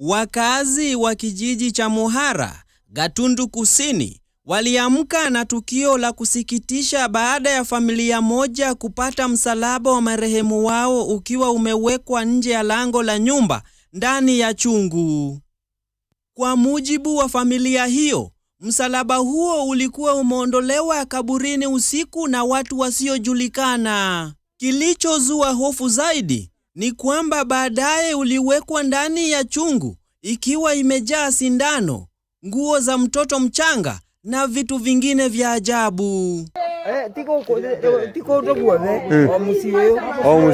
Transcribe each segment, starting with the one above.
wakazi wa kijiji cha Muhara, Gatundu Kusini, waliamka na tukio la kusikitisha baada ya familia moja kupata msalaba wa marehemu wao ukiwa umewekwa nje ya lango la nyumba ndani ya chungu. Kwa mujibu wa familia hiyo, msalaba huo ulikuwa umeondolewa kaburini usiku na watu wasiojulikana. Kilichozua hofu zaidi ni kwamba baadaye uliwekwa ndani ya chungu ikiwa imejaa sindano, nguo za mtoto mchanga na vitu vingine vya ajabu. Eh, eh,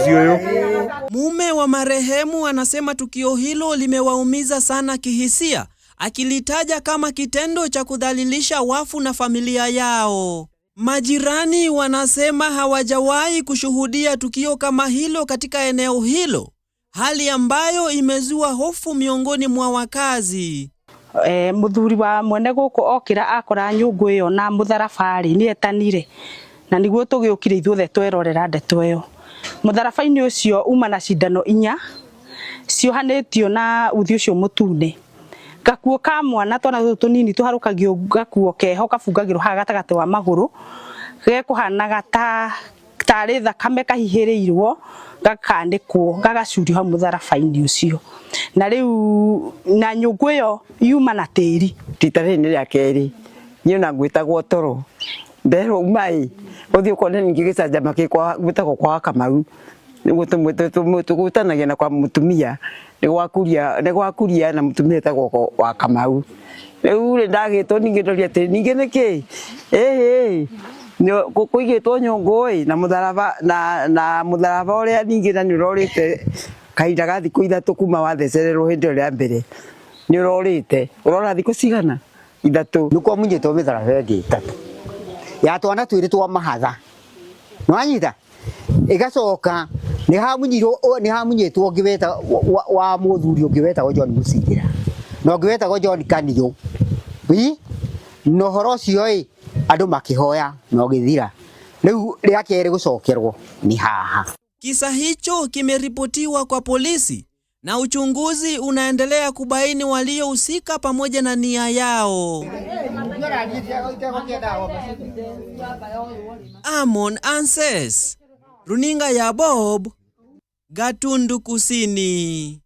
eh, hmm. Mume wa marehemu anasema tukio hilo limewaumiza sana kihisia, akilitaja kama kitendo cha kudhalilisha wafu na familia yao. Majirani wanasema hawajawahi kushuhudia tukio kama hilo katika eneo hilo, hali ambayo imezua hofu miongoni mwa wakazi. E, muthuri wa mwene guku okira akora nyungu iyo na mutharabari ni etanire na niguo tugiukire ithuothe twerorera ndeto iyo mutharaba-ini ucio uma na cindano inya ciohanitio na uthi ucio mutune gakuo ka mwana twana tunini tuharukagio gakuo keho kabungagirwo ha gatagati wa maguru gekuhanaga ta tarä thakame kahihä irwo kwo gagacurio hamwe tharabainä å cio na rä u na nyå ngå ä yo yuma na tä ri rita rä nä rä a kerä niä ona ngwä tagwo toro mberwo umaä å thiä å korwo ningä gä canjama gä gwätagwo kwaga kamau tugutanagia na kwa mutumia ni gwakuria na mutumia etagwo wa Kamau riu ri ndagitwo ningi ndoria ati ningi niki ii kuigitwo nyungu ii na mutharaba na mutharaba uria ningi na ni urorite kahinda ga thiku ithatu kuma wathecererwo hindi ria mbere ni urorite urora thiku cigana ithatu nikwo munyitwo mitharaba ingi itatu ya twana twiri twa mahatha nwanyita igacoka ni hamunyirwo ni hamunyitwo ngiweta wa muthuri ngiweta go John Musigira no ngiweta go John Kaniyo wi no horo cio i andu makihoya no githira riu ria kere gucokerwo ni haha Kisa hicho kimeripotiwa kwa polisi na uchunguzi unaendelea kubaini waliohusika pamoja na nia yao. Amon Anses Runinga ya Bob, Gatundu Kusini.